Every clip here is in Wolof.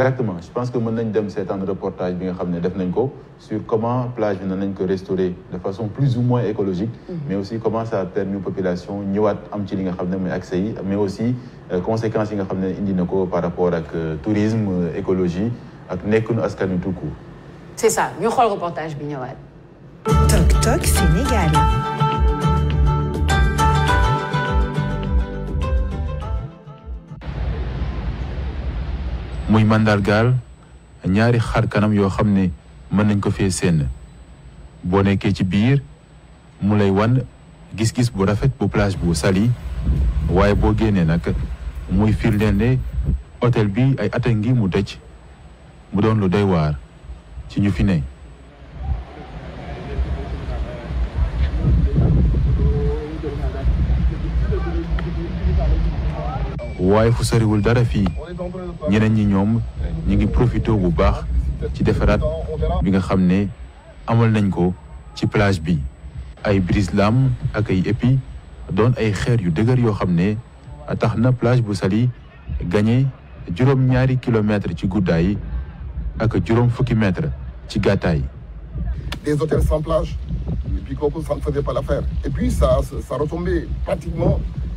Exactement. Je pense que nous avons fait un reportage sur comment la plage est restaurée de façon plus ou moins écologique, mm-hmm. mais aussi comment ça a permis aux populations accéder, mais aussi les euh, conséquences par rapport au euh, tourisme, euh, écologie, et tout court. C'est ça. Nous avons le reportage. Toc Toc Sénégal. muy màndargaal ñaari xar kanam yoo xam ne mën nañ ko fee seen boo nekkee ci biir mu lay wan gis-gis bu rafet bu plage bu sali waaye boo génnee nag muy firndeel ne hôtel bi ay at a ngi mu dëj mu doon lu doy waar ci ñu fi ne waaye fu soriwul dara fii ñeneen ñi ñoom ñu ngi profité bu baax ci defaraat bi nga xam ne nañ ko ci plage bi ay brise lam ak ay épi don ay xeer yu dëgër yo xamné taxna plage bu sali gagné juróom ñaari kilomètres ci gouday ak juróom fukki mètres ci gataay des hôtels sans plage et puis kooku ça ne faisait pas l'affaire et puis ça ça retombait pratiquement.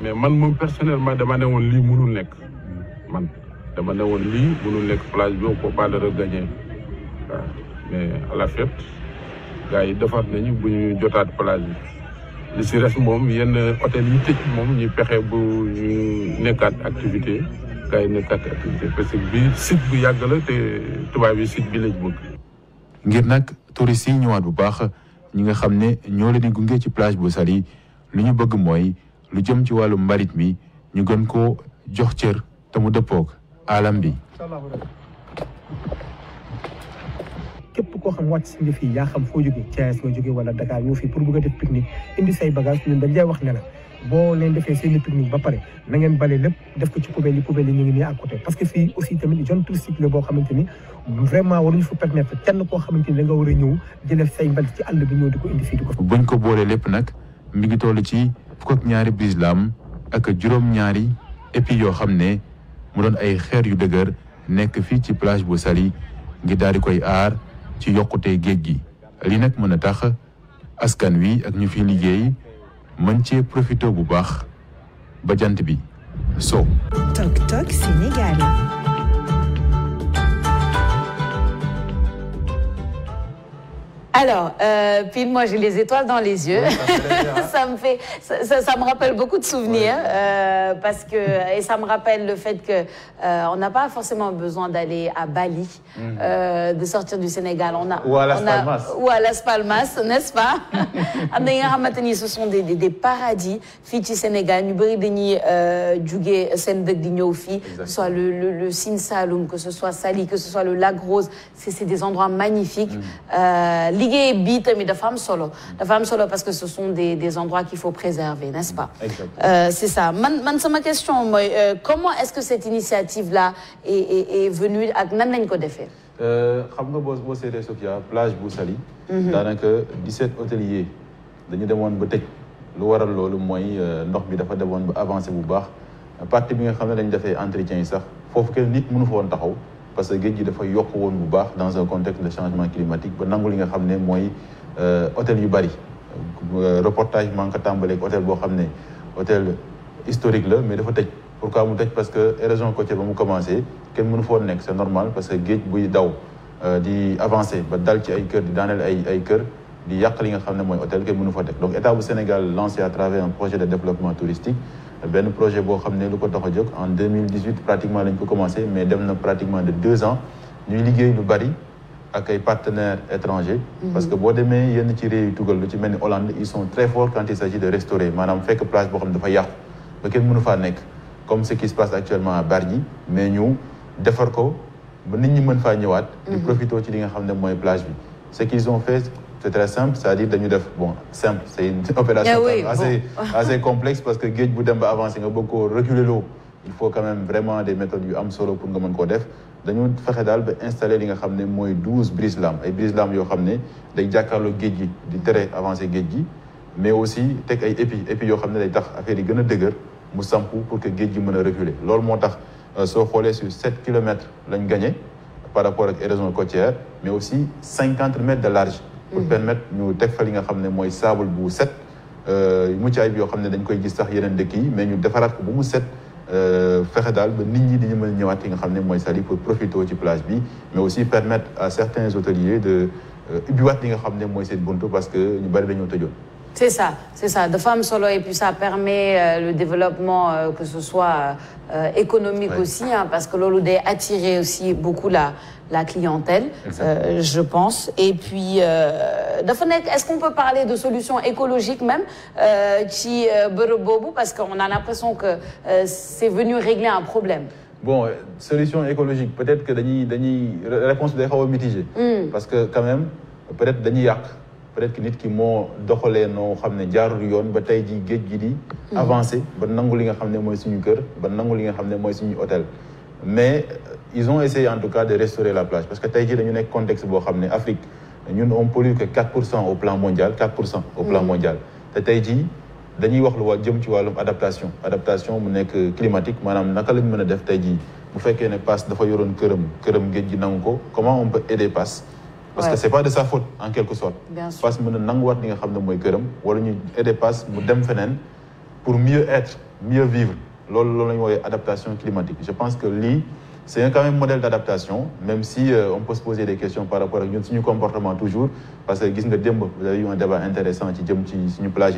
mais man moom personnellement dama ne woon lii mënul nekk man dama ne woon lii mënul nekk plage bi on peut pas le regagner mais à la fête gars yi defaat nañu bu ñu jotaat plage bi li si res moom yenn hôtel yi moom ñu pexe bu ñu nekkaat nekkaat activité parce que bii site bu yàgg la te tubaab yi site bi lañ bëgg. ngir nag touristes yi ñëwaat bu baax ñi nga xam ne ñoo leen di gunge ci plage bu Saly lu ñu bëgg mooy. lu jëm ci wàllu mbarit mi ñu gën koo jox cër te mu dëppoog alam bi képp koo xam wàcc si njëf yi yaa xam foo jóge Thiès nga jóge wala Dakar ñoo fi pour bëgg a def pique indi say bagage ñun dañ wax ne boo leen defee seen pique-nique ba pare na ngeen bale lépp def ko ci poubelle yi poubelle ñu ngi nii à côté parce que fii aussi tamit zone touristique la boo xamante ni vraiment waruñu fa permettre kenn koo xamante ni da nga war a ñëw jëlee say mbal ci àll bi ñëw di ko indi fii di ko. buñ lépp nag mi ngi toll ci. fukk ak ñaari brise ak juróom-ñaari épi yoo xam ne mu doon ay xeer yu dëgër nekk fii ci plage bu Saly ngir daal di koy aar ci yokkute géej gi li nag mën a tax askan wi ak ñu fi liggéey mën cee profité bu baax ba jant bi so Alors, euh, puis moi j'ai les étoiles dans les yeux. Hein. ça me fait, ça, ça, me rappelle beaucoup de souvenirs euh, parce que et ça me rappelle le fait que euh, on n'a pas forcément besoin d'aller à Bali, mhm. euh, de sortir du Sénégal. On a, ou à Las Palmas. ou à Las Palmas, n'est-ce pas ce sont des, des, paradis. Fiji Sénégal, Nubri Deni, euh, Djugé, Sendek que ce soit le, le, le Saloum, que ce soit Sali, que ce soit le Lac Rose, c'est des endroits magnifiques. Mhm. Euh, liggéey bii mais de femme solo De femme solo parce que ce sont des des endroits qu'il faut préserver n'est-ce pas euh, c'est ça man man sama question euh, comment est-ce que cette initiative là est est, est venue ak nan lañ ko euh xam nga boo boo Sofia plage Boussali, dans lequel 17 hôteliers dañu demoon ba tej lu waral lolu moy euh, ndox bi dafa demoon ba avancer bu baax partie bi nga xam ne dañ defee entretien yi sax foofu que nit mënu fo won taxaw parce que géej dafa yokk won bu baax dans un contexte de changement climatique ba nangul li nga xamné moy euh, hôtel yu bari euh, reportage manka tambalé hôtel bo xamné hôtel historique là. mais dafa tej pourquoi mu tej parce que érosion côtière ba mu commencé ken mënu fo nek c'est normal parce que géej buy daw euh, di avancer. ba dal ci ay kër di daaneel ay ay kër di yak li nga xamné moy hôtel ken mënu fo teg donc état du Sénégal lancé à travers un projet de développement touristique le projet de xamné luko taxo jog en 2018 pratiquement lañ ko commencé mais dem na pratiquement de deux ans ñuy liggéey le bari ak ay partenaires étrangers. Mhm. parce que bo démé yenn ci réew yi tugal lu ci Hollande ils sont très forts quand il s'agit de restaurer manam fekk place bo xamné dafa yàqu ba kenn mënu fa comme ce qui se passe actuellement à Bargny mais ñu defar ko ba nit ñi mën fa ñëwaat. Mhm. di profito ci li nga plage bi ce qu'ils ont fait c'est très simple, c'est-à-dire dañu def bon simple c'est une opération ah assez, assez complexe parce que géej Boudemba avance, il a beaucoup reculé l'eau, reculer l'eau. il faut quand même vraiment des méthodes du am solo pour nga mën koo def dañu fexe daal installer li nga xam ne 12 brise lames et brise lames yoo xam ne day jàkkaarloo géej gi di tere mais aussi teg ay épi épi yoo xam ne day tax affaire yi gën a dëgër mu sampu pour que géej gi reculer loolu moo tax euh, soo sur sept kilomètres lañ gagné par rapport ak érosion côtière mais aussi 50 mètres de large pour mhm. permettre ñu teg fa li nga xamné moy sable bu set euh mu ci ay yo xamné dañ koy gis sax yenen dëkk yi mais ñu défarat ko bu mu set euh fexé dal ba nit ñi di ñëmal ñëwaat yi nga xamné moy sali pour profiter ci plage bi mais aussi permettre à certains hôteliers de euh, ubbiwaat li nga xamné moy mooy seen buntu parce que ñu bari dañu tëjoon c'est ça, c'est ça. De femmes solo, et puis ça permet euh, le développement, euh, que ce soit euh, économique aussi, hein, parce que l'Oloudé attirait aussi beaucoup la, la clientèle, je pense. Et puis, est-ce qu'on peut parler de solutions écologiques même, qui parce qu'on a l'impression que c'est venu régler un problème Bon, solution écologique, peut-être que Dani, la réponse est mitigée, hmm. parce que quand même, peut-être Dani Yark peut-être que nit ki mo doxale no xamné ne jaarul yoon ba tey ji géej gi di avancer ba nangu li nga xamné moy suñu kër ba nangu li nga xamné moy suñu hôtel mais euh, ils ont essayé en tout cas de restaurer la plage parce que tey ji dañu nek contexte bo xamné Afrique ñun on pollue que 4 au plan mondial 4 au plan mm. mondial te tey ji dañuy wax lu wa jëm ci walum adaptation adaptation mu nek climatique manam naka lañu mëna def tey ji bu fekkee ne passe dafa yoroon këram këram géej gi nangu ko comment on peut aider passe parce que ce n'est pas de sa faute en quelque sorte Parce que nous, avons li le de de mooy pour mieux être mieux vivre C'est l'adaptation climatique je pense que c'est c'est quand même modèle d'adaptation, même si euh, on peut se poser des questions par rapport à notre comportement toujours parce que vous avez eu un débat intéressant sur la plage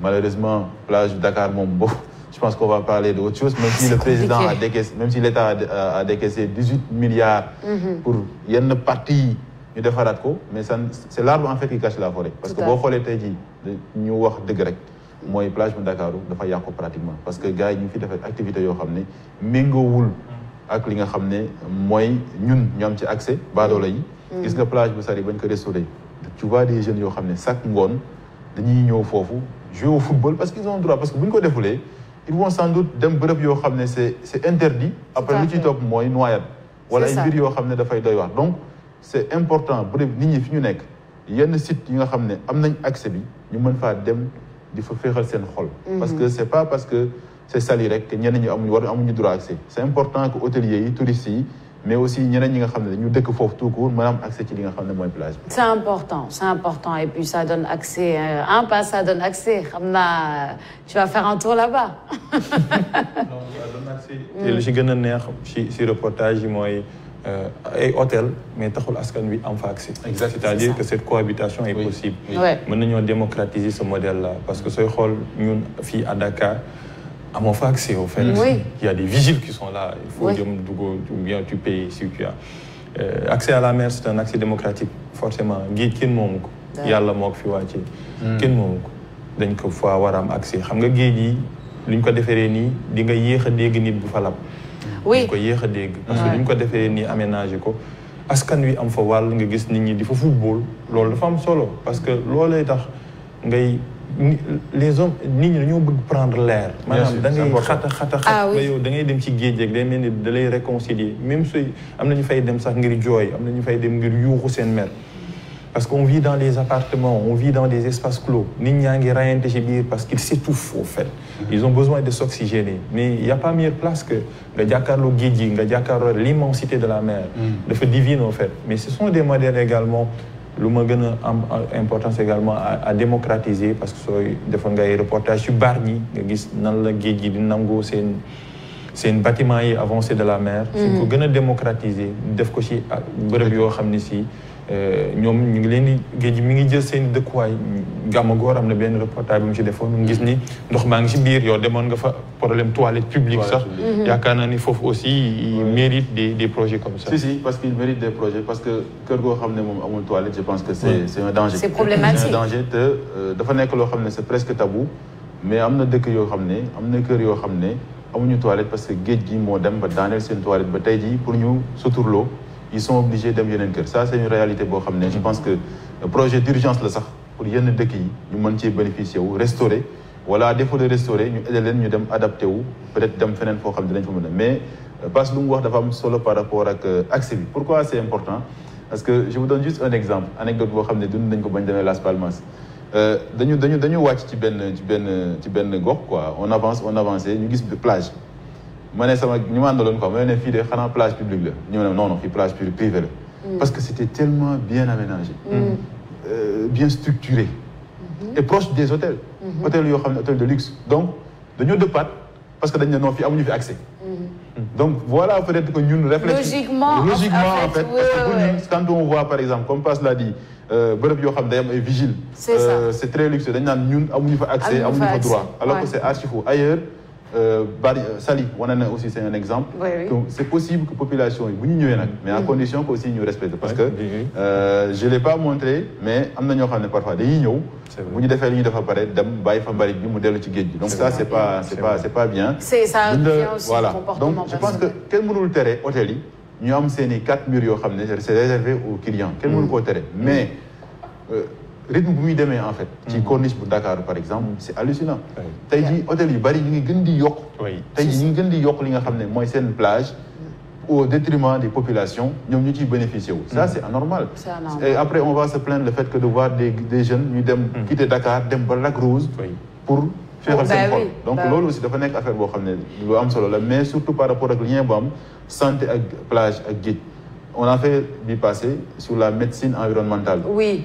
malheureusement, la plage de malheureusement plage Dakar est beau je pense qu'on va parler d'autre chose, même si le président a décaissé, même si l'État a, euh, décaissé 18 milliards mhm. pour une partie de Faradko, mais c'est l'arbre en fait qui cache la forêt parce que boo xoolee dit jii ñu wax dëgg rek mooy plage de Ndakaaru dafa pratiquement parce que gars yi avons ngi fi activités. activité avons xam ne activités, ak li nga xamné moy ñun ñom ci accès badola yi mhm. gis nga plage bu Saly bañ ko tu vois des jeunes qui xamné des sacs de dañuy ñëw jouent jouer au football parce qu'ils ont droit parce que buñ ko ils vont sans doute dem c'est c'est interdit après ci top donc c'est important to nit ñi fi ñu yenn site yi nga am nañ accès bi ñu dem mhm. parce que c'est pas parce que c'est sali que accès c'est important que hôteliers yi touristes mais aussi ñeneen ñi nga accès ci li nga plage c'est important c'est important et puis ça donne accès euh, un pas ça donne accès tu vas faire un tour là-bas. non ça donne accès. Je lu ci gëna neex ci ci reportage moy euh, et hôtel mais taxul askan wi am accès. c'est-à-dire que cette cohabitation est possible. nous nañoo démocratiser ce modèle là parce que soy xol ñun fi à Dakar à mon Il y a des vigiles qui sont là. Il faut bien tu payes si tu as. Euh, accès à la mer, c'est un accès démocratique, forcément. Guide qui il y a le est là. Qui donc il faut avoir accès. Xam nga guide ko déféré ni, di nga nit bu Oui. parce que faut ko déféré aménager ko. am football, solo parce que tax ngay les hommes nit ñi dañoo prendre l'air maanaam da ngay xata xata xat ah ba yow da ngay dem ci géej day mel ni réconcilier même si am na ñu fay dem sax ngir jooy am na ñu fay dem ngir mer parce qu'on vit dans les appartements on vit dans des espaces clos nit ñaa ngi rayante ci biir parce qu'ils s'étouffent au fait ils ont besoin de s'oxygéner mais il y a pas meilleure place que le jàkkaarloo géej gi nga l'immensité de la mer mm. dafa divin en fait mais ce sont des modèles également lu ma am importance également à démocratiser parce que sooy defoon ngay reportage yu baar ñi nga gis nan la géej gi di nangoo seen seen bâtiment yi avancé de la mer. c'est mm-hmm. ko gën démocratiser def ko ci bërëb yoo xam ne euh, ñoom ñu ngi leen di géej gi mi ngi jël seen dëkkuwaay gàmma góor am na benn reportage bi mu ci defoon ñu gis ni ndox maa ngi ci biir yow demoon nga fa problème toilette publique sax yaakaar naa ni foofu aussi il mérite des des projets comme ça si si parce qu'il mérite des projets parce que kër goo xam ne moom amul toilette je pense que c'est c'est un danger c'est problématique un danger te euh, dafa nekk loo xam c'est presque tabou mais am na dëkk yoo xam ne am na kër yoo xam ne amuñu toilettes parce que géej gi moo dem ba daaneel seen toilette ba tey jii pour ñu suturloo ils sont obligés d'aimer leur ça c'est une réalité pour je pense que le projet d'urgence là, ça, pour yenn dëkk yi ñu bénéficier restaurer Voilà, à défaut de restaurer nous allons adapter ñu peut être dem une fois, xam ne fa mais euh, parce que lu avons wax solo par rapport à euh, accès pourquoi c'est important parce que je vous donne juste un exemple anecdote boo xam nous dund nañ ko bañ Las Palmas euh, dañu dañu dañu wàcc ci ben, quoi on avance on avance ñu gis plage mané sama ñu ma ko quoi ma ne fii plage publique la ñu né non non fi plage privée la. Mm. parce que c'était tellement bien aménagé. Mm. Euh, bien structuré. Mm-hmm. et proche des hôtels. Mm-hmm. hôtels yo xam hôtel de luxe. donc dañoo dëppaat parce que dañ né non fi amuñu fi accès. Mm-hmm. Mm. donc voilà peut-être que ñun. réflexion logiquement logiquement en fait. parce que pour quand on voit par exemple comme passe l'a dit euh, bërëb yoo xam day am ay vigiles. c' est ça euh, très luxe dañ naan ñun amuñu fa accès. amuñu fa droit alors que c'est archi fou ailleurs. Euh, euh, Sali, on en a aussi, c'est un exemple. Oui, oui. C'est possible que la population est mais à mm. condition qu'on nous respecte. Parce que euh, je ne l'ai pas montré, mais parfois des ignos. Vous des fait de Donc ça, ce n'est pas, pas, pas bien. C'est ça, Donc, aussi voilà. Donc, je pense que quel monde le terrain, hôtel, nous avons 4 murs, c'est réservé aux clients. Quel monde le terrain. Mais. Euh, rythme de en fait. ci hmm. corniche pour Dakar par exemple c'est hallucinant. hôtel bari gën di plage. au détriment des populations ça hmm. c'est anormal. et après on va se plaindre le fait que de voir des jeunes hmm. quitter Dakar ba pour faire ben donc ben aussi affaire mais surtout par rapport plage on a fait du sur la médecine environnementale. oui.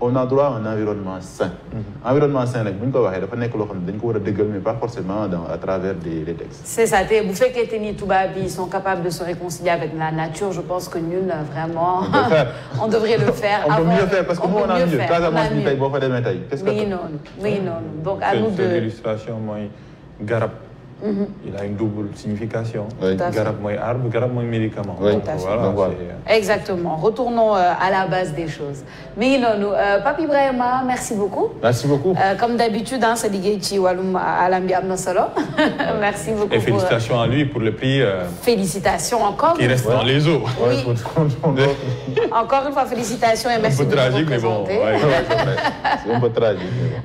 on a droit à un environnement sain. Un mhm. environnement sain nag bu ne dañ pas forcément à travers les textes. c'est ça Vous faites que tous, les sont capables de se réconcilier avec la nature je pense que nul, euh, vraiment. on devrait le faire. on peut mieux faire parce que nous on a mieux. fa qu'est-ce que non. mais... non. donc à nous de. Mm-hmm. il a une double signification. Garab moy arbre, garab moy médicament. Oui. Euh, Exactement. Retournons euh, à la base des choses. Mais non, nous, euh, Papi merci beaucoup. Merci beaucoup. Euh, comme d'habitude, hein, c'est Ligechi Walum Alambi Solo. Merci beaucoup. Et félicitations à lui pour le prix. félicitations encore. Qui reste dans les eaux. Oui. encore une fois, félicitations et merci. Un peu tragique, mais bon. c'est un peu tragique.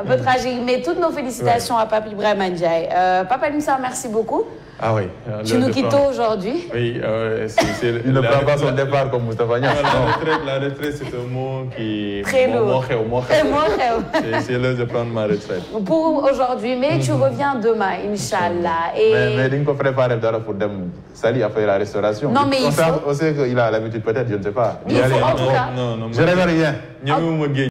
Un peu tragique, mais toutes nos félicitations à Papi Brahima Ndiaye. Papa merci beaucoup. Ah oui. Tu nous quittes aujourd'hui. Oui, euh, c'est. Il ne prend pas son départ comme Moustapha Niass. Ah, la retraite, c'est un mot qui. Très lourd. C'est l'heure de prendre ma retraite. Pour aujourd'hui, mais tu mhm. reviens demain, Inch'Allah. Et... Mais, mais il préparer pour demain. Sali a fait la restauration. Non, mais il faut... On sait qu'il a l'habitude, peut-être, je ne sais pas. Il en tout cas. Non, non, je ne rien.